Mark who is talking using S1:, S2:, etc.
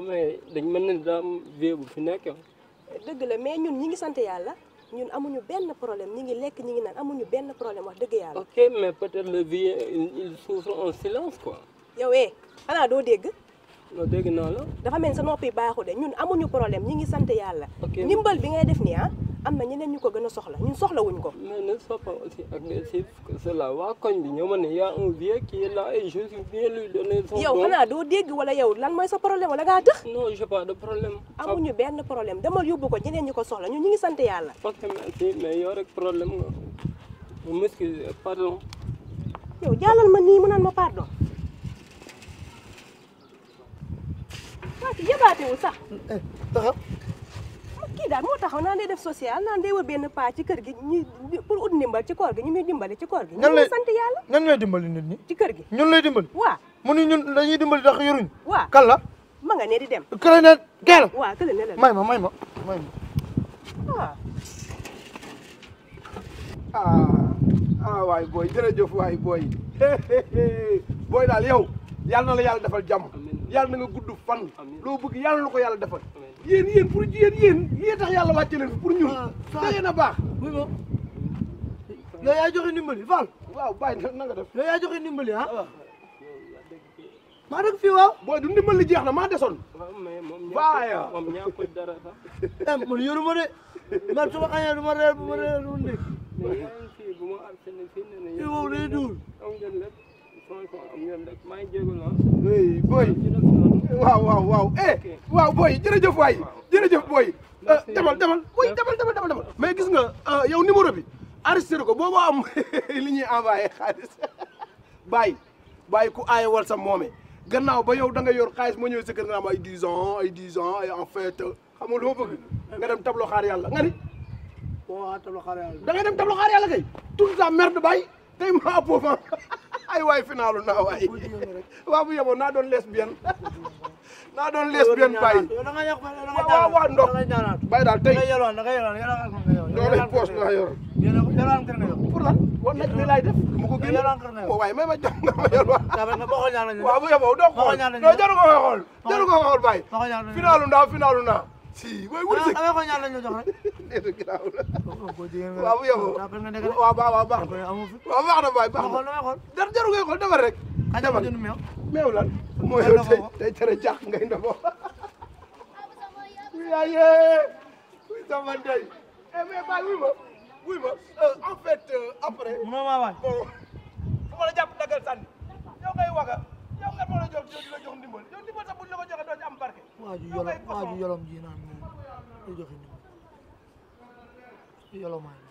S1: mais
S2: ñun ñi ngi problème problème ok
S1: mais peut-être le vieux il souffre en silence quoi.
S2: yow eh xanaa doo dégg. non de ñun amuñu problème ñi ngi que am na ñeneen ñu ko gën a soxla ñun soxlawuñ ko. mais ne sois pas
S1: aussi agressif que cela waa koñ bi ñoo man ne y' a un vieux qui est là xanaa
S2: doo dégg wala yow lan mooy sa problème wala ngaa dëx. non j'ai de problème. amuñu benn problème demal yóbbu ko ñeneen ñi ko soxla ñu ñu ngi sant yàlla. parce que
S1: merci mais yow rek
S2: yow jàllal ma nii mu naan ma pardon. waa ci sax. Eh, kii daal moo taxaw naan day def social naan day wër benn paa ci kër gi ñu pour ut ndimbal ci koor gi ñu muy dimbali ci koor gi ñu ngi dimbali nit ñi ci kër gi ñun lay dimbali waaw mu ñun
S3: dañuy dimbali ndax yoruñ waaw kan la
S2: ma nga ne di dem
S3: kële ne keel may ma may ma may ma ah ah, ah waay booy jërëjëf waay booy booy daal yow yàlla na la yàlla defal jàmm yàlla na nga gudd fan loo bëgg yàlla na ko yàlla defal yéen yéen pour yéen yéen lii tax yàlla a leen fi pour ñun da ah, ngeen a baax yow yaa joxe ndimbali Fall waaw bàyyi na nga def yow yaa joxe ndimbali ah? ah maa dëkk fii waaw booy du ndimbali jeex na maa desoon
S1: waaye moom ñaako dara sax
S3: eh, man yoru ma de man su ma añee ma reer ma reer du ma ndékki fii bu ma boy waaw waaw waaw eh waaw boy jërëjëf waay jërëjëf boy eh, demal demal boy demal demal demal demal mais gis nga eh, yow numéro bi enregistré ko boobu am li ñuy envoyé xaalis bàyyi bàyyi ku aaye wal sa moome gannaaw ba yow da nga yor xaalis moo ñëw sa kër nga am ay dix ans ay dix ans ay en fait xam nga lu ma nga dem tablo xaar yàlla nga ni waaw tablo xaar yàlla da nga dem tablo xaar yàlla kay tout tey ma appo ay waay finaalu naa waay waaw bu yeboon naa doon lesbienne naa doon lesbienne bàyyi waaw waaw ndox naa yor pour lan war nañ oh, waaye may ma jox nga ma yor waaw bu yeboo finaalu naa finaalu naa Si, wai wuri sik. Kami ko ñaan lañu jox rek. Neetu graw la. Ko jigen nga. Waaw yow. Waaw baax waaw baax. Waaw baax na baay baax. Xol na xol. Dar jaru ngay xol defal rek. Defal. Meew. Meew lan. Mooy yow tey tey tere jax ngay ndabo. Yaaye. Kuy sama ndey. Eh mais baay wuy ma. Wuy ma. En fait après. Mënoo maa waay. Bon. Fu ma la jàpp dagal sànni. Yow ngay waga. xam nga moo la ji yolom waa ji ji naan moom du joxe